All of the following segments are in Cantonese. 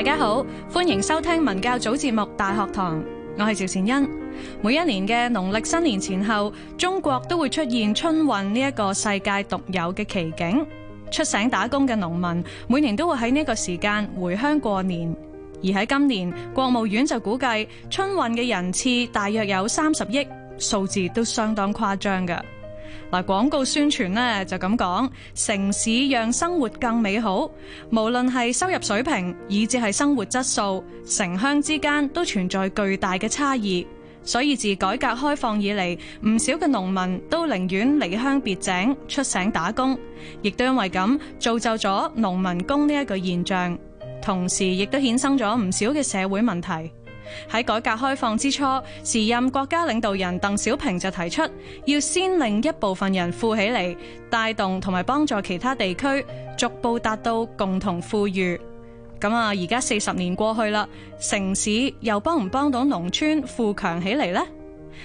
大家好，歡迎收聽文教組節目《大學堂》，我係趙善欣。每一年嘅農曆新年前後，中國都會出現春運呢一個世界獨有嘅奇景。出省打工嘅農民每年都會喺呢一個時間回鄉過年，而喺今年，國務院就估計春運嘅人次大約有三十億，數字都相當誇張㗎。嗱，廣告宣傳呢就咁講，城市讓生活更美好。無論係收入水平，以至係生活質素，城鄉之間都存在巨大嘅差異。所以自改革開放以嚟，唔少嘅農民都寧願離鄉別井出省打工，亦都因為咁造就咗農民工呢一個現象，同時亦都衍生咗唔少嘅社會問題。喺改革開放之初，時任國家領導人鄧小平就提出，要先令一部分人富起嚟，帶動同埋幫助其他地區，逐步達到共同富裕。咁啊，而家四十年過去啦，城市又幫唔幫到農村富強起嚟呢？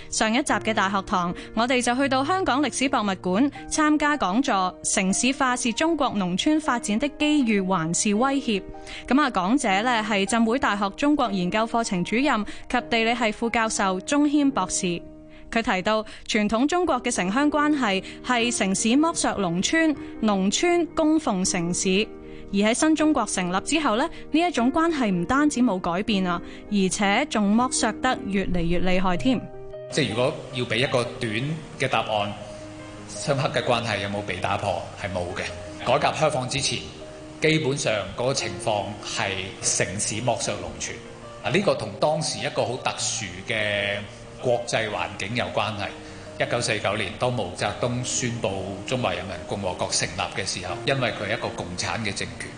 上一集嘅大學堂，我哋就去到香港歷史博物館參加講座。城市化是中國農村發展的機遇還是威脅？咁啊，講者咧係浸會大學中國研究課程主任及地理系副教授鍾謙博士。佢提到傳統中國嘅城鄉關係係城市剝削農村，農村供奉城市。而喺新中國成立之後咧，呢一種關係唔單止冇改變啊，而且仲剝削得越嚟越厲害添。即係如果要俾一個短嘅答案，城鄉嘅關係有冇被打破？係冇嘅。改革開放之前，基本上嗰個情況係城市剝削農村。啊，呢、這個同當時一個好特殊嘅國際環境有關係。一九四九年，當毛澤東宣布中華人民共和國成立嘅時候，因為佢係一個共產嘅政權，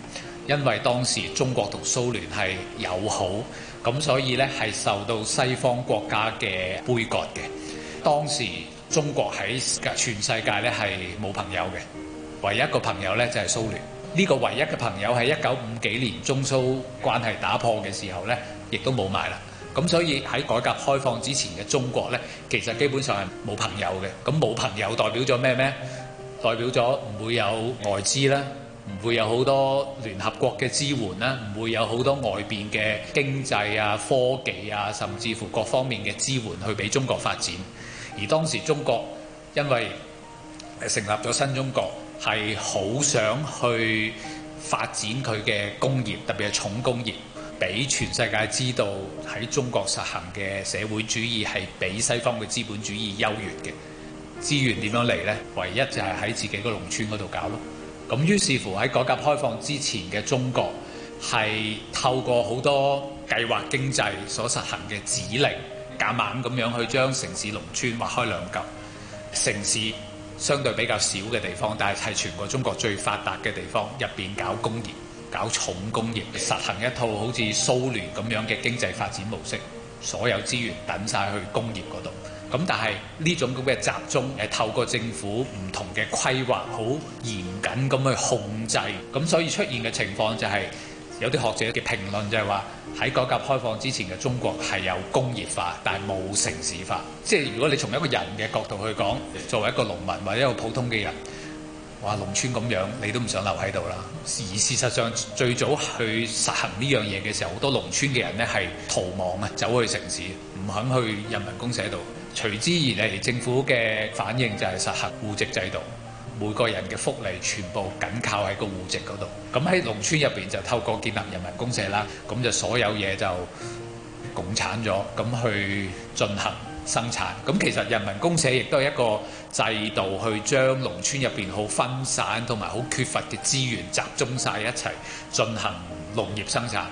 因為當時中國同蘇聯係友好。咁所以呢係受到西方國家嘅杯葛嘅，當時中國喺全世界呢係冇朋友嘅，唯一個朋友呢就係蘇聯。呢個唯一嘅朋友喺一九五幾年中蘇關係打破嘅時候呢，亦都冇埋啦。咁所以喺改革開放之前嘅中國呢，其實基本上係冇朋友嘅。咁冇朋友代表咗咩咩？代表咗唔會有外資啦。唔會有好多聯合國嘅支援啦，唔會有好多外邊嘅經濟啊、科技啊，甚至乎各方面嘅支援去俾中國發展。而當時中國因為成立咗新中國，係好想去發展佢嘅工業，特別係重工業，俾全世界知道喺中國實行嘅社會主義係比西方嘅資本主義優越嘅。資源點樣嚟呢？唯一就係喺自己個農村嗰度搞咯。咁於是乎喺改革開放之前嘅中國，係透過好多計劃經濟所實行嘅指令夾硬咁樣去將城市農村劃開兩嚿，城市相對比較少嘅地方，但係係全個中國最發達嘅地方入邊搞工業、搞重工業，實行一套好似蘇聯咁樣嘅經濟發展模式，所有資源等晒去工業嗰度。咁但係呢種咁嘅集中，係透過政府唔同嘅規劃，好嚴謹咁去控制，咁所以出現嘅情況就係有啲學者嘅評論就係話喺改革開放之前嘅中國係有工業化，但係冇城市化。即係如果你從一個人嘅角度去講，作為一個農民或者一個普通嘅人，哇，農村咁樣你都唔想留喺度啦。而事實上最早去實行呢樣嘢嘅時候，好多農村嘅人呢係逃亡啊，走去城市，唔肯去人民公社度。隨之而嚟，政府嘅反應就係實行戶籍制度，每個人嘅福利全部緊靠喺個戶籍嗰度。咁喺農村入邊就透過建立人民公社啦，咁就所有嘢就共產咗，咁去進行生產。咁其實人民公社亦都係一個制度，去將農村入邊好分散同埋好缺乏嘅資源集中晒一齊進行農業生產。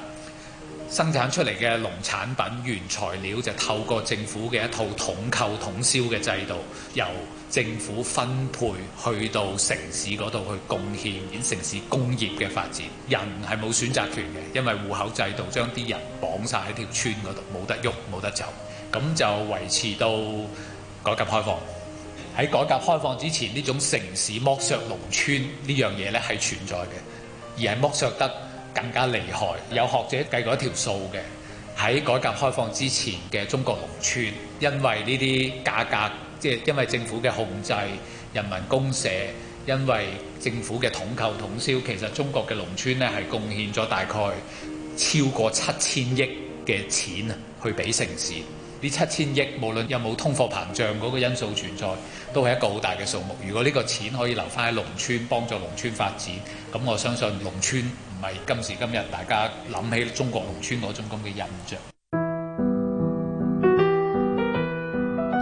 生產出嚟嘅農產品原材料就透過政府嘅一套統購統銷嘅制度，由政府分配去到城市嗰度去貢獻，演城市工業嘅發展。人係冇選擇權嘅，因為戶口制度將啲人綁晒喺條村嗰度，冇得喐，冇得走。咁就維持到改革開放。喺改革開放之前，呢種城市剝削農村呢樣嘢呢係存在嘅，而係剝削得更加厲害，有學者計過一條數嘅，喺改革開放之前嘅中國農村，因為呢啲價格，即係因為政府嘅控制、人民公社，因為政府嘅統購統銷，其實中國嘅農村呢係貢獻咗大概超過七千億嘅錢啊，去俾城市。呢七千億無論有冇通貨膨脹嗰個因素存在，都係一個好大嘅數目。如果呢個錢可以留翻喺農村，幫助農村發展，咁我相信農村。唔係今時今日大家諗起中國農村嗰種咁嘅印象。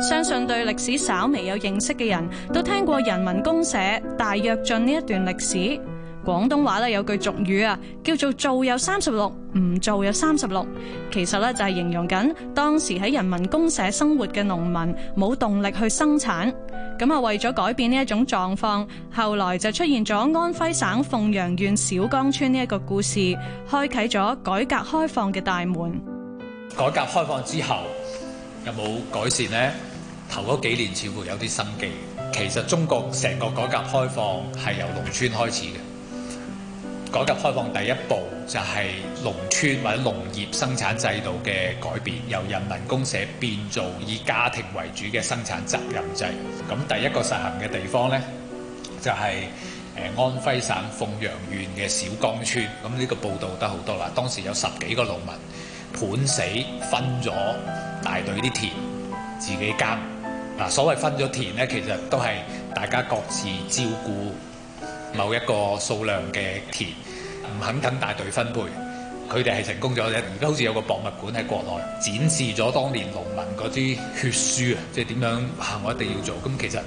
相信對歷史稍微有認識嘅人都聽過人民公社、大躍進呢一段歷史。廣東話咧有句俗語啊，叫做有 36, 做有三十六，唔做有三十六。其實咧就係形容緊當時喺人民公社生活嘅農民冇動力去生產。咁啊，為咗改變呢一種狀況，後來就出現咗安徽省鳳陽縣小崗村呢一個故事，開啟咗改革開放嘅大門。改革開放之後有冇改善呢？頭嗰幾年似乎有啲生機。其實中國成個改革開放係由農村開始嘅。改革開放第一步就係農村或者農業生產制度嘅改變，由人民公社變做以家庭為主嘅生產責任制。咁第一個實行嘅地方呢，就係，誒，安徽省鳳陽縣嘅小崗村。咁呢個報道得好多啦。當時有十幾個農民，盤死分咗大隊啲田，自己耕。嗱，所謂分咗田呢，其實都係大家各自照顧。某一個數量嘅田唔肯等大隊分配，佢哋係成功咗啫。而家好似有個博物館喺國內展示咗當年農民嗰啲血書啊，即係點樣啊？我一定要做。咁其實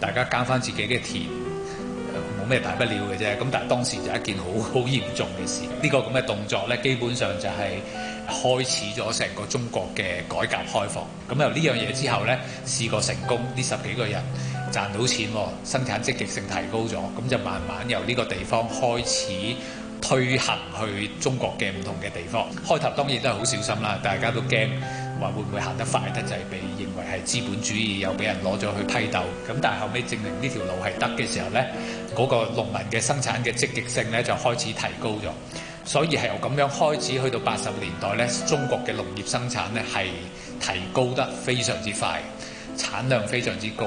大家耕翻自己嘅田，冇、呃、咩大不了嘅啫。咁但係當時就一件好好嚴重嘅事。呢、呢個咁嘅動作呢，基本上就係開始咗成個中國嘅改革開放。咁由呢樣嘢之後呢，試過成功呢十幾個人，賺到錢喎，生產積極性提高咗，咁就慢慢由呢個地方開始推行去中國嘅唔同嘅地方。開頭當然都係好小心啦，大家都驚話會唔會行得快得滯，被認為係資本主義，又俾人攞咗去批鬥。咁但係後尾證明呢條路係得嘅時候呢，嗰個農民嘅生產嘅積極性呢，就開始提高咗。所以係由咁樣開始去到八十年代呢，中國嘅農業生產呢，係提高得非常之快，產量非常之高。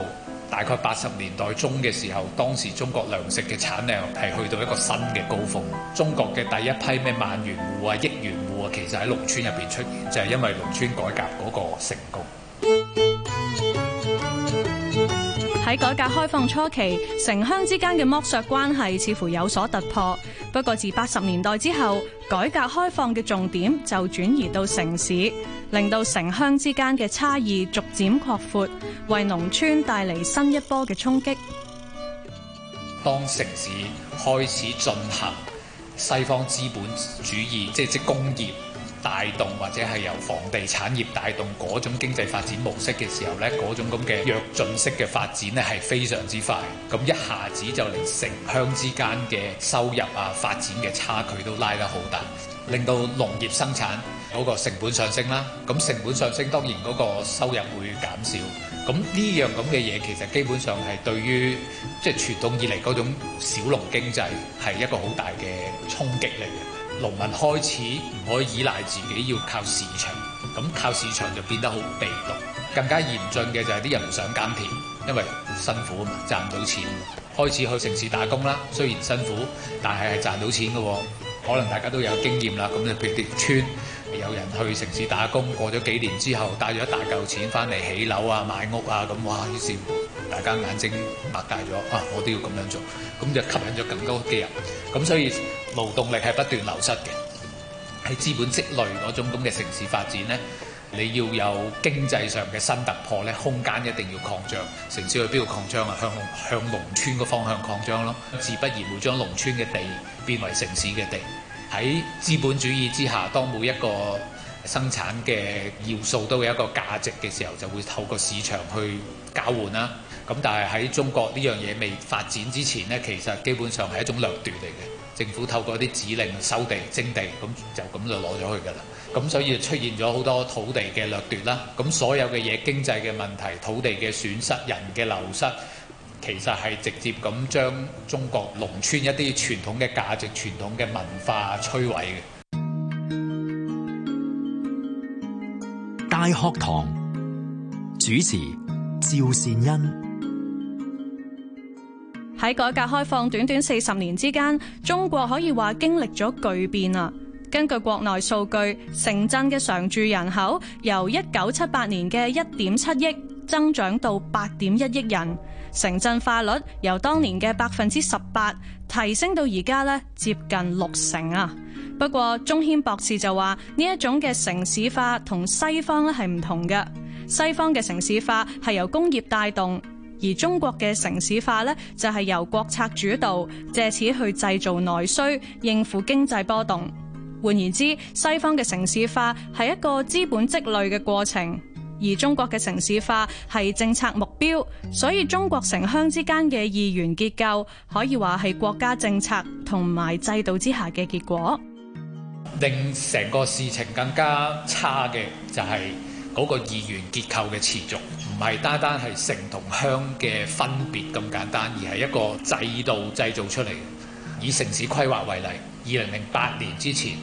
大概八十年代中嘅時候，當時中國糧食嘅產量係去到一個新嘅高峰。中國嘅第一批咩萬元戶啊、億元戶啊，其實喺農村入邊出現，就係因為農村改革嗰個成功。 喺改革開放初期，城鄉之間嘅剝削關係似乎有所突破。不過自八十年代之後，改革開放嘅重點就轉移到城市，令到城鄉之間嘅差異逐漸擴闊，為農村帶嚟新一波嘅衝擊。當城市開始進行西方資本主義，即係即工業。帶動或者係由房地產業帶動嗰種經濟發展模式嘅時候呢，嗰種咁嘅躍進式嘅發展咧係非常之快，咁一下子就令城鄉之間嘅收入啊、發展嘅差距都拉得好大，令到農業生產嗰個成本上升啦。咁成本上升當然嗰個收入會減少。咁呢樣咁嘅嘢其實基本上係對於即係、就是、傳統以嚟嗰種小農經濟係一個好大嘅衝擊嚟嘅。農民開始唔可以依賴自己，要靠市場，咁靠市場就變得好被動，更加嚴峻嘅就係啲人唔想耕田，因為辛苦啊嘛，賺唔到錢。開始去城市打工啦，雖然辛苦，但係係賺到錢嘅喎。可能大家都有經驗啦，咁就譬如條村有人去城市打工，過咗幾年之後，帶咗一大嚿錢翻嚟起樓啊、買屋啊，咁哇於是大家眼睛擘大咗啊，我都要咁樣做，咁就吸引咗更多嘅人，咁所以。勞動力係不斷流失嘅，喺資本積累嗰種咁嘅城市發展呢，你要有經濟上嘅新突破呢，空間一定要擴張。城市去邊度擴張啊？向向農村個方向擴張咯，自不然會將農村嘅地變為城市嘅地。喺資本主義之下，當每一個生產嘅要素都有一個價值嘅時候，就會透過市場去交換啦。咁但係喺中國呢樣嘢未發展之前呢，其實基本上係一種掠奪嚟嘅。政府透過啲指令收地徵地，咁就咁就攞咗去㗎喇。咁所以出現咗好多土地嘅掠奪啦。咁所有嘅嘢，經濟嘅問題、土地嘅損失、人嘅流失，其實係直接咁將中國農村一啲傳統嘅價值、傳統嘅文化摧毀嘅。大學堂主持趙善恩。喺改革開放短短四十年之間，中國可以話經歷咗巨變啊！根據國內數據，城鎮嘅常住人口由一九七八年嘅一點七億增長到八點一億人，城鎮化率由當年嘅百分之十八提升到而家咧接近六成啊！不過中謙博士就話呢一種嘅城市化同西方咧係唔同嘅，西方嘅城市化係由工業帶動。而中國嘅城市化呢，就係由國策主導，借此去製造內需，應付經濟波動。換言之，西方嘅城市化係一個資本積累嘅過程，而中國嘅城市化係政策目標。所以中國城鄉之間嘅二元結構，可以話係國家政策同埋制度之下嘅結果。令成個事情更加差嘅，就係嗰個二元結構嘅持續。唔係單單係城同鄉嘅分別咁簡單，而係一個制度製造出嚟。以城市規劃為例，二零零八年之前，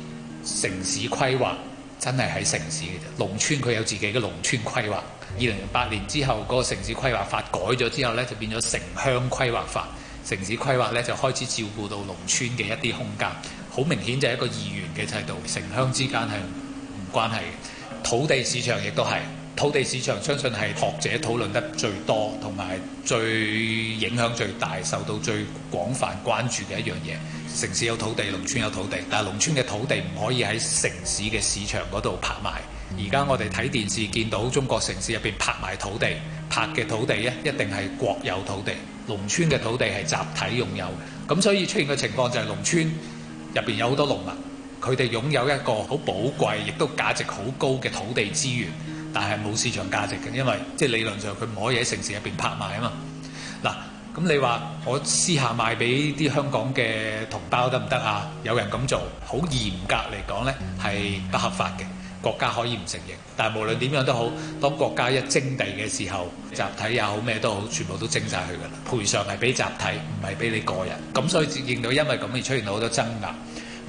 城市規劃真係喺城市嘅啫，農村佢有自己嘅農村規劃。二零零八年之後、嗰個城市規劃法改咗之後咧，就變咗城鄉規劃法。城市規劃咧就開始照顧到農村嘅一啲空間，好明顯就係一個二元嘅制度，城鄉之間係唔關係。土地市場亦都係。土地市場相信係學者討論得最多，同埋最影響最大、受到最廣泛關注嘅一樣嘢。城市有土地，農村有土地，但係農村嘅土地唔可以喺城市嘅市場嗰度拍賣。而家我哋睇電視見到中國城市入邊拍賣土地，拍嘅土地呢一定係國有土地，農村嘅土地係集體擁有嘅。咁所以出現嘅情況就係農村入邊有好多農民，佢哋擁有一個好寶貴、亦都價值好高嘅土地資源。但係冇市場價值嘅，因為即係理論上佢唔可以喺城市入邊拍賣啊嘛。嗱、啊，咁你話我私下賣俾啲香港嘅同胞得唔得啊？有人咁做，好嚴格嚟講呢，係不合法嘅，國家可以唔承認。但係無論點樣都好，當國家一徵地嘅時候，集體也好咩都好，全部都徵晒去㗎啦。賠償係俾集體，唔係俾你個人。咁所以見到因為咁而出現好多爭拗，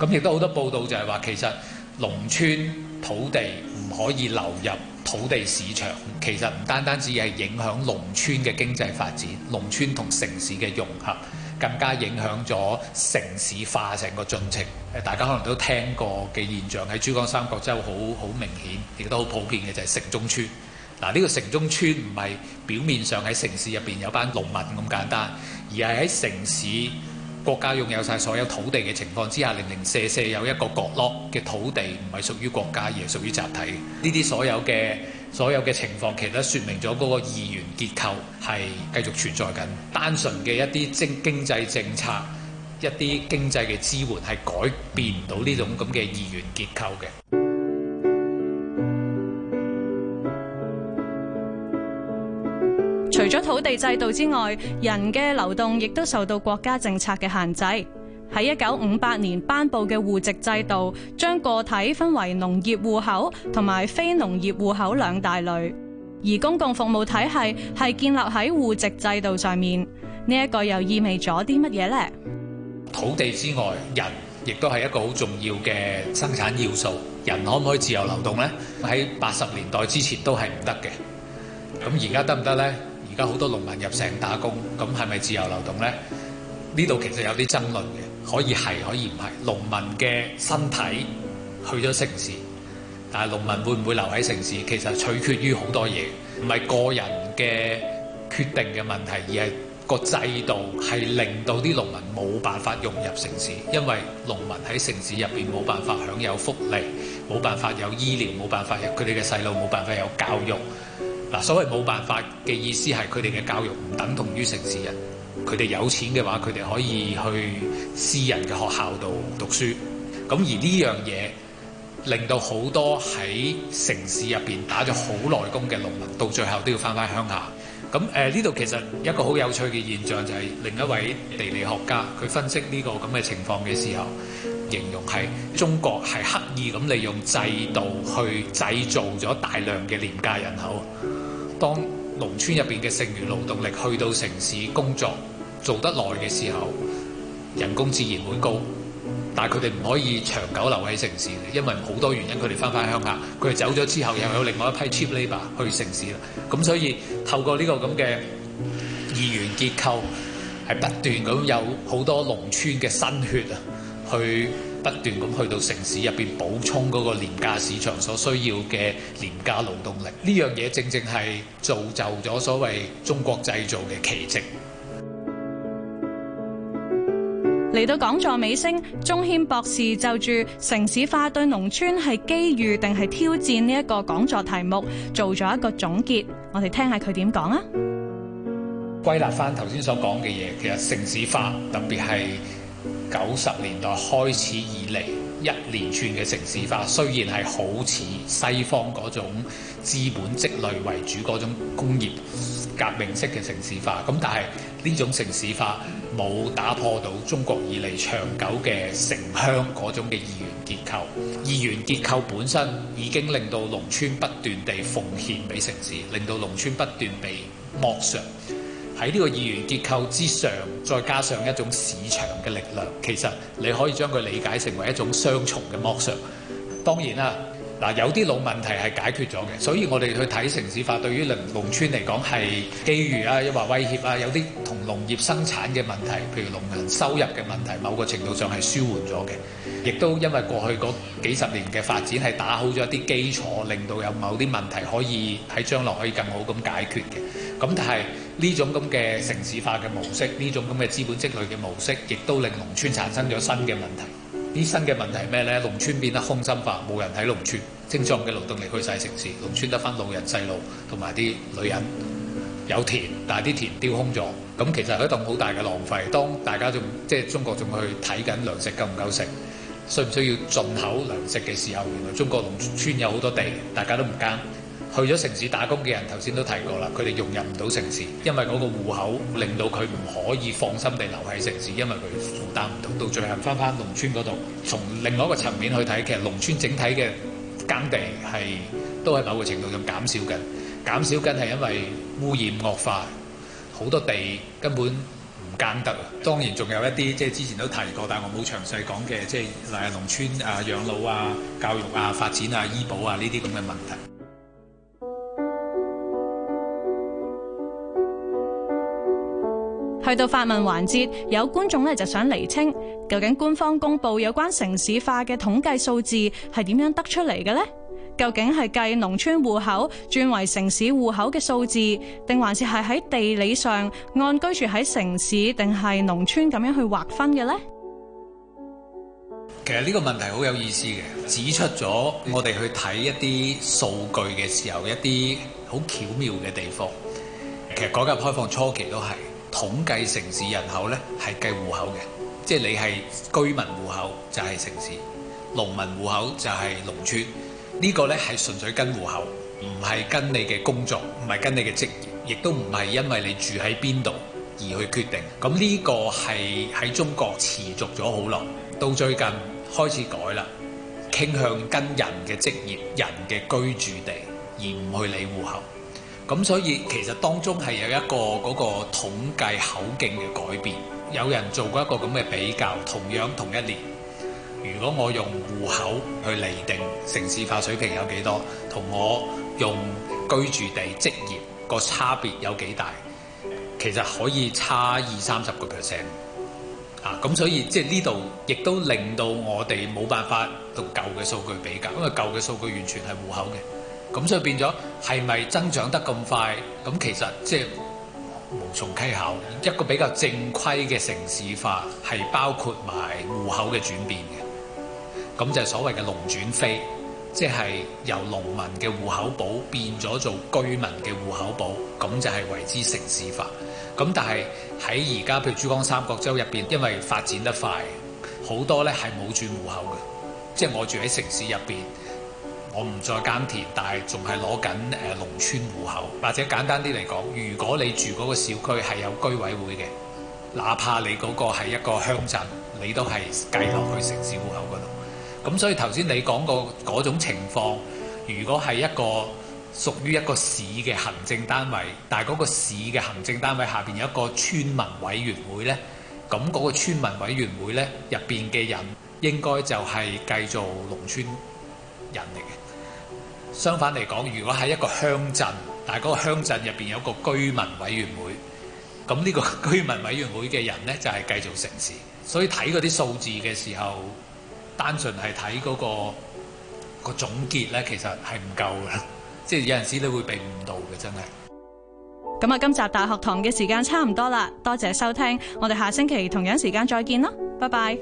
咁亦都好多報道就係話其實農村土地唔可以流入。土地市場其實唔單單只係影響農村嘅經濟發展，農村同城市嘅融合更加影響咗城市化成個進程。誒，大家可能都聽過嘅現象喺珠江三角洲好好明顯，亦都好普遍嘅就係城中村。嗱，呢個城中村唔係表面上喺城市入邊有班農民咁簡單，而係喺城市。國家擁有晒所有土地嘅情況之下，零零舍舍有一個角落嘅土地唔係屬於國家，而係屬於集體。呢啲所有嘅所有嘅情況，其實都說明咗嗰個二元結構係繼續存在緊。單純嘅一啲經經濟政策、一啲經濟嘅支援係改變唔到呢種咁嘅二元結構嘅。除咗土地制度之外，人嘅流動亦都受到國家政策嘅限制。喺一九五八年頒布嘅戶籍制度，將個體分為農業戶口同埋非農業戶口兩大類。而公共服務體系係建立喺戶籍制度上面，呢一個又意味咗啲乜嘢咧？土地之外，人亦都係一個好重要嘅生產要素。人可唔可以自由流動咧？喺八十年代之前都係唔得嘅。咁而家得唔得咧？而家好多農民入城打工，咁係咪自由流動呢？呢度其實有啲爭論嘅，可以係可以唔係。農民嘅身體去咗城市，但係農民會唔會留喺城市？其實取決於好多嘢，唔係個人嘅決定嘅問題，而係個制度係令到啲農民冇辦法融入城市，因為農民喺城市入邊冇辦法享有福利，冇辦法有醫療，冇辦法有佢哋嘅細路，冇辦法有教育。嗱，所謂冇辦法嘅意思係佢哋嘅教育唔等同於城市人。佢哋有錢嘅話，佢哋可以去私人嘅學校度讀書。咁而呢樣嘢令到好多喺城市入邊打咗好耐工嘅農民，到最後都要翻返鄉下。咁誒呢度其實一個好有趣嘅現象就係另一位地理學家佢分析呢個咁嘅情況嘅時候，形容係中國係刻意咁利用制度去製造咗大量嘅廉價人口。當農村入邊嘅剩餘勞動力去到城市工作做得耐嘅時候，人工自然會高，但係佢哋唔可以長久留喺城市，因為好多原因佢哋翻返鄉下。佢哋走咗之後，又有另外一批 cheap labour、er、去城市啦。咁所以透過呢個咁嘅二元結構，係不斷咁有好多農村嘅新血啊，去，不斷咁去到城市入邊補充嗰個廉價市場所需要嘅廉價勞動力，呢樣嘢正正係造就咗所謂中國製造嘅奇蹟。嚟到講座尾聲，鐘謙博士就住城市化對農村係機遇定係挑戰呢一個講座題目做咗一個總結。我哋聽下佢點講啊？歸納翻頭先所講嘅嘢，其實城市化特別係，九十年代開始以嚟一連串嘅城市化，雖然係好似西方嗰種資本積累為主嗰種工業革命式嘅城市化，咁但係呢種城市化冇打破到中國以嚟長久嘅城鄉嗰種嘅二元結構。二元結構本身已經令到農村不斷地奉獻俾城市，令到農村不斷被剝削。喺呢個二元結構之上，再加上一種市場嘅力量，其實你可以將佢理解成為一種雙重嘅剝削。當然啦，嗱有啲老問題係解決咗嘅，所以我哋去睇城市化對於農村嚟講係機遇啊，又或威脅啊，有啲，農業生產嘅問題，譬如農民收入嘅問題，某個程度上係舒緩咗嘅，亦都因為過去嗰幾十年嘅發展係打好咗一啲基礎，令到有某啲問題可以喺將來可以更好咁解決嘅。咁但係呢種咁嘅城市化嘅模式，呢種咁嘅資本積累嘅模式，亦都令農村產生咗新嘅問題，啲新嘅問題咩咧？農村變得空心化，冇人喺農村，精壯嘅勞動力去曬城市，農村得翻老人細路同埋啲女人。有田，但係啲田丟空咗，咁其實係一棟好大嘅浪費。當大家仲即係中國仲去睇緊糧食夠唔夠食，需唔需要進口糧食嘅時候，原來中國農村有好多地，大家都唔耕。去咗城市打工嘅人，頭先都提過啦，佢哋融入唔到城市，因為嗰個戶口令到佢唔可以放心地留喺城市，因為佢負擔唔到。到最後翻返農村嗰度，從另外一個層面去睇，其實農村整體嘅耕地係都喺某個程度上減少緊，減少緊係因為。污染惡化，好多地根本唔耕得。當然，仲有一啲即係之前都提過，但係我冇詳細講嘅，即係例如農村啊、養老啊、教育啊、發展啊、醫保啊呢啲咁嘅問題。去到發問環節，有觀眾咧就想釐清，究竟官方公布有關城市化嘅統計數字係點樣得出嚟嘅呢？究竟係計農村戶口轉為城市戶口嘅數字，定還是係喺地理上按居住喺城市定係農村咁樣去劃分嘅呢？其實呢個問題好有意思嘅，指出咗我哋去睇一啲數據嘅時候，一啲好巧妙嘅地方。其實改革開放初期都係統計城市人口呢，係計戶口嘅，即係你係居民戶口就係城市，農民戶口就係農村。呢個呢，係純粹跟戶口，唔係跟你嘅工作，唔係跟你嘅職業，亦都唔係因為你住喺邊度而去決定。咁呢個係喺中國持續咗好耐，到最近開始改啦，傾向跟人嘅職業、人嘅居住地而唔去理戶口。咁所以其實當中係有一個嗰個統計口徑嘅改變。有人做過一個咁嘅比較，同樣同一年。如果我用戶口去厘定城市化水平有幾多，同我用居住地職業個差別有幾大，其實可以差二三十個 percent 啊。咁所以即係呢度亦都令到我哋冇辦法同舊嘅數據比較，因為舊嘅數據完全係戶口嘅。咁所以變咗係咪增長得咁快？咁其實即係無從稽考。一個比較正規嘅城市化係包括埋戶口嘅轉變。咁就係所謂嘅農轉非，即係由農民嘅戶口簿變咗做居民嘅戶口簿，咁就係為之城市化。咁但係喺而家，譬如珠江三角洲入邊，因為發展得快，好多呢係冇轉戶口嘅，即係我住喺城市入邊，我唔再耕田，但係仲係攞緊誒農村戶口，或者簡單啲嚟講，如果你住嗰個小區係有居委會嘅，哪怕你嗰個係一個鄉鎮，你都係計落去城市戶口。咁所以頭先你講過嗰種情況，如果係一個屬於一個市嘅行政單位，但係嗰個市嘅行政單位下邊有一個村民委員會咧，咁嗰個村民委員會咧入邊嘅人應該就係繼續農村人嚟嘅。相反嚟講，如果係一個鄉鎮，但係嗰個鄉鎮入邊有一個居民委員會，咁呢個居民委員會嘅人咧就係繼續城市。所以睇嗰啲數字嘅時候，單純係睇嗰個、嗰個總結咧，其實係唔夠嘅，即係有陣時你會被誤導嘅，真係。咁啊，今集大學堂嘅時間差唔多啦，多謝收聽，我哋下星期同樣時間再見啦，拜拜。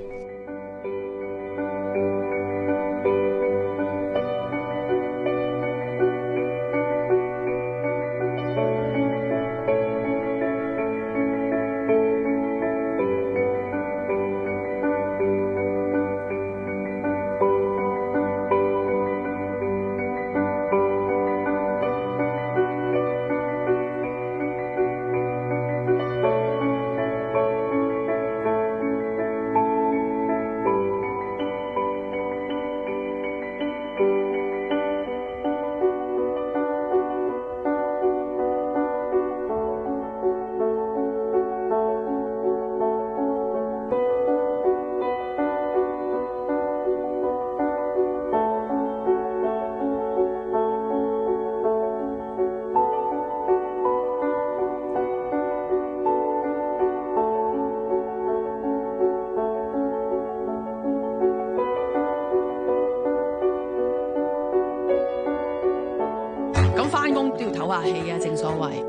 正所謂。